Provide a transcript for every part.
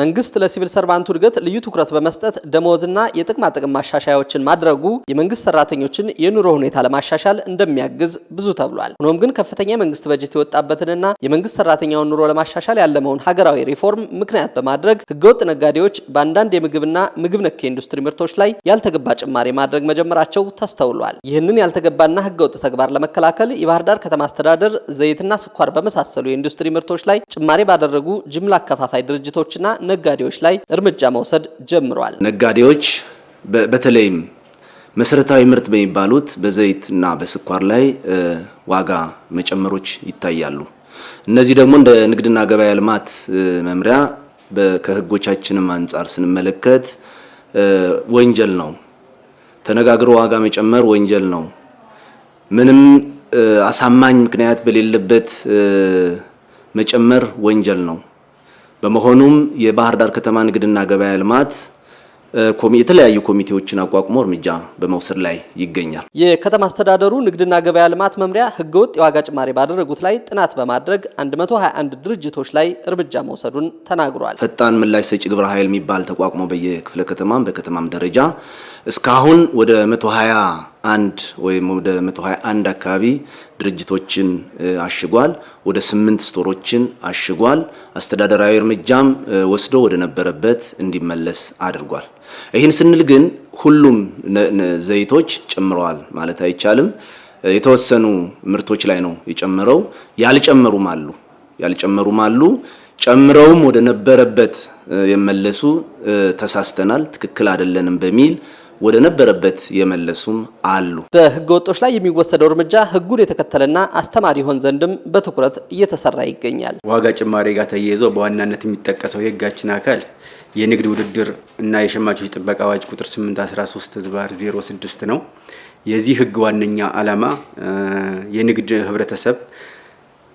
መንግስት ለሲቪል ሰርቫንቱ እድገት ልዩ ትኩረት በመስጠት ደመወዝና የጥቅማ ጥቅም ማሻሻያዎችን ማድረጉ የመንግስት ሰራተኞችን የኑሮ ሁኔታ ለማሻሻል እንደሚያግዝ ብዙ ተብሏል። ሆኖም ግን ከፍተኛ የመንግስት በጀት የወጣበትንና የመንግስት ሰራተኛውን ኑሮ ለማሻሻል ያለመውን ሀገራዊ ሪፎርም ምክንያት በማድረግ ህገወጥ ነጋዴዎች በአንዳንድ የምግብና ምግብ ነክ የኢንዱስትሪ ምርቶች ላይ ያልተገባ ጭማሪ ማድረግ መጀመራቸው ተስተውሏል። ይህንን ያልተገባና ህገወጥ ተግባር ለመከላከል የባህር ዳር ከተማ አስተዳደር ዘይትና ስኳር በመሳሰሉ የኢንዱስትሪ ምርቶች ላይ ጭማሪ ባደረጉ ጅምላ አከፋፋይ ድርጅቶችና ነጋዴዎች ላይ እርምጃ መውሰድ ጀምሯል። ነጋዴዎች በተለይም መሰረታዊ ምርት በሚባሉት በዘይት እና በስኳር ላይ ዋጋ መጨመሮች ይታያሉ። እነዚህ ደግሞ እንደ ንግድና ገበያ ልማት መምሪያ ከህጎቻችንም አንጻር ስንመለከት ወንጀል ነው፣ ተነጋግሮ ዋጋ መጨመር ወንጀል ነው፣ ምንም አሳማኝ ምክንያት በሌለበት መጨመር ወንጀል ነው በመሆኑም የባህር ዳር ከተማ ንግድና ገበያ ልማት የተለያዩ ኮሚቴዎችን አቋቁሞ እርምጃ በመውሰድ ላይ ይገኛል። የከተማ አስተዳደሩ ንግድና ገበያ ልማት መምሪያ ህገወጥ የዋጋ ጭማሪ ባደረጉት ላይ ጥናት በማድረግ 121 ድርጅቶች ላይ እርምጃ መውሰዱን ተናግሯል። ፈጣን ምላሽ ሰጪ ግብረ ኃይል የሚባል ተቋቁሞ በየክፍለ ከተማም በከተማም ደረጃ እስካሁን ወደ 120 አንድ ወይም ወደ 121 አካባቢ ድርጅቶችን አሽጓል። ወደ ስምንት ስቶሮችን አሽጓል። አስተዳደራዊ እርምጃም ወስዶ ወደ ነበረበት እንዲመለስ አድርጓል። ይህን ስንል ግን ሁሉም ዘይቶች ጨምረዋል ማለት አይቻልም። የተወሰኑ ምርቶች ላይ ነው የጨመረው። ያልጨመሩም አሉ ያልጨመሩም አሉ። ጨምረውም ወደ ነበረበት የመለሱ ተሳስተናል፣ ትክክል አይደለንም በሚል ወደ ነበረበት የመለሱም አሉ። በህገ ወጦች ላይ የሚወሰደው እርምጃ ህጉን የተከተለና አስተማሪ ይሆን ዘንድም በትኩረት እየተሰራ ይገኛል። ዋጋ ጭማሪ ጋር ተያይዞ በዋናነት የሚጠቀሰው የህጋችን አካል የንግድ ውድድር እና የሸማቾች ጥበቃ አዋጅ ቁጥር 813 ዝባር 06 ነው። የዚህ ህግ ዋነኛ ዓላማ የንግድ ህብረተሰብ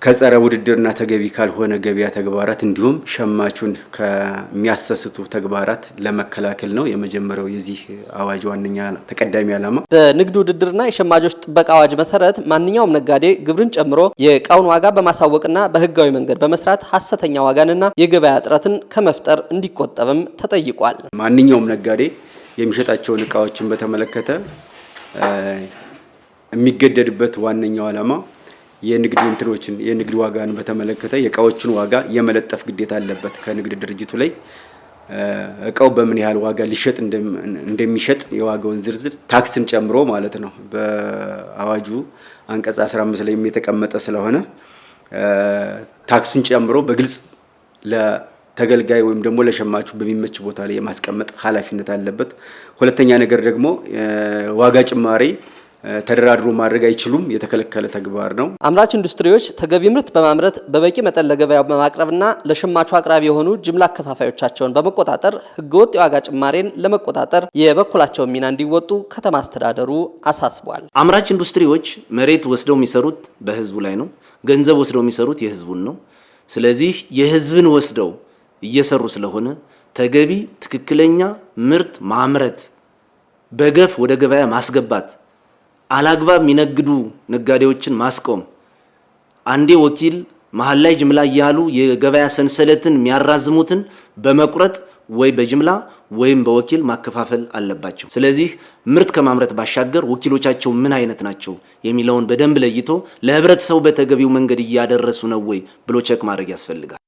ከጸረ ውድድርና ተገቢ ካልሆነ ገበያ ተግባራት እንዲሁም ሸማቹን ከሚያሰስቱ ተግባራት ለመከላከል ነው። የመጀመሪያው የዚህ አዋጅ ዋነኛ ተቀዳሚ ዓላማ በንግድ ውድድርና የሸማቾች ጥበቃ አዋጅ መሰረት ማንኛውም ነጋዴ ግብርን ጨምሮ የእቃውን ዋጋ በማሳወቅና በህጋዊ መንገድ በመስራት ሀሰተኛ ዋጋንና የገበያ እጥረትን ከመፍጠር እንዲቆጠብም ተጠይቋል። ማንኛውም ነጋዴ የሚሸጣቸውን እቃዎችን በተመለከተ የሚገደድበት ዋነኛው ዓላማ የንግድ እንትኖችን የንግድ ዋጋን በተመለከተ የእቃዎችን ዋጋ የመለጠፍ ግዴታ አለበት ከንግድ ድርጅቱ ላይ እቃው በምን ያህል ዋጋ ሊሸጥ እንደሚሸጥ የዋጋውን ዝርዝር ታክስን ጨምሮ ማለት ነው። በአዋጁ አንቀጽ 15 ላይ የተቀመጠ ስለሆነ ታክስን ጨምሮ በግልጽ ለተገልጋይ ወይም ደግሞ ለሸማቹ በሚመች ቦታ ላይ የማስቀመጥ ኃላፊነት አለበት። ሁለተኛ ነገር ደግሞ ዋጋ ጭማሪ ተደራድሮ ማድረግ አይችሉም። የተከለከለ ተግባር ነው። አምራች ኢንዱስትሪዎች ተገቢ ምርት በማምረት በበቂ መጠን ለገበያ በማቅረብና ለሸማቹ አቅራቢ የሆኑ ጅምላ አከፋፋዮቻቸውን በመቆጣጠር ህገወጥ የዋጋ ጭማሬን ለመቆጣጠር የበኩላቸውን ሚና እንዲወጡ ከተማ አስተዳደሩ አሳስቧል። አምራች ኢንዱስትሪዎች መሬት ወስደው የሚሰሩት በህዝቡ ላይ ነው። ገንዘብ ወስደው የሚሰሩት የህዝቡን ነው። ስለዚህ የህዝብን ወስደው እየሰሩ ስለሆነ ተገቢ ትክክለኛ ምርት ማምረት በገፍ ወደ ገበያ ማስገባት አላግባብ የሚነግዱ ነጋዴዎችን ማስቆም፣ አንዴ ወኪል መሀል ላይ ጅምላ እያሉ የገበያ ሰንሰለትን የሚያራዝሙትን በመቁረጥ ወይ በጅምላ ወይም በወኪል ማከፋፈል አለባቸው። ስለዚህ ምርት ከማምረት ባሻገር ወኪሎቻቸው ምን አይነት ናቸው የሚለውን በደንብ ለይቶ ለህብረተሰቡ በተገቢው መንገድ እያደረሱ ነው ወይ ብሎ ቸክ ማድረግ ያስፈልጋል።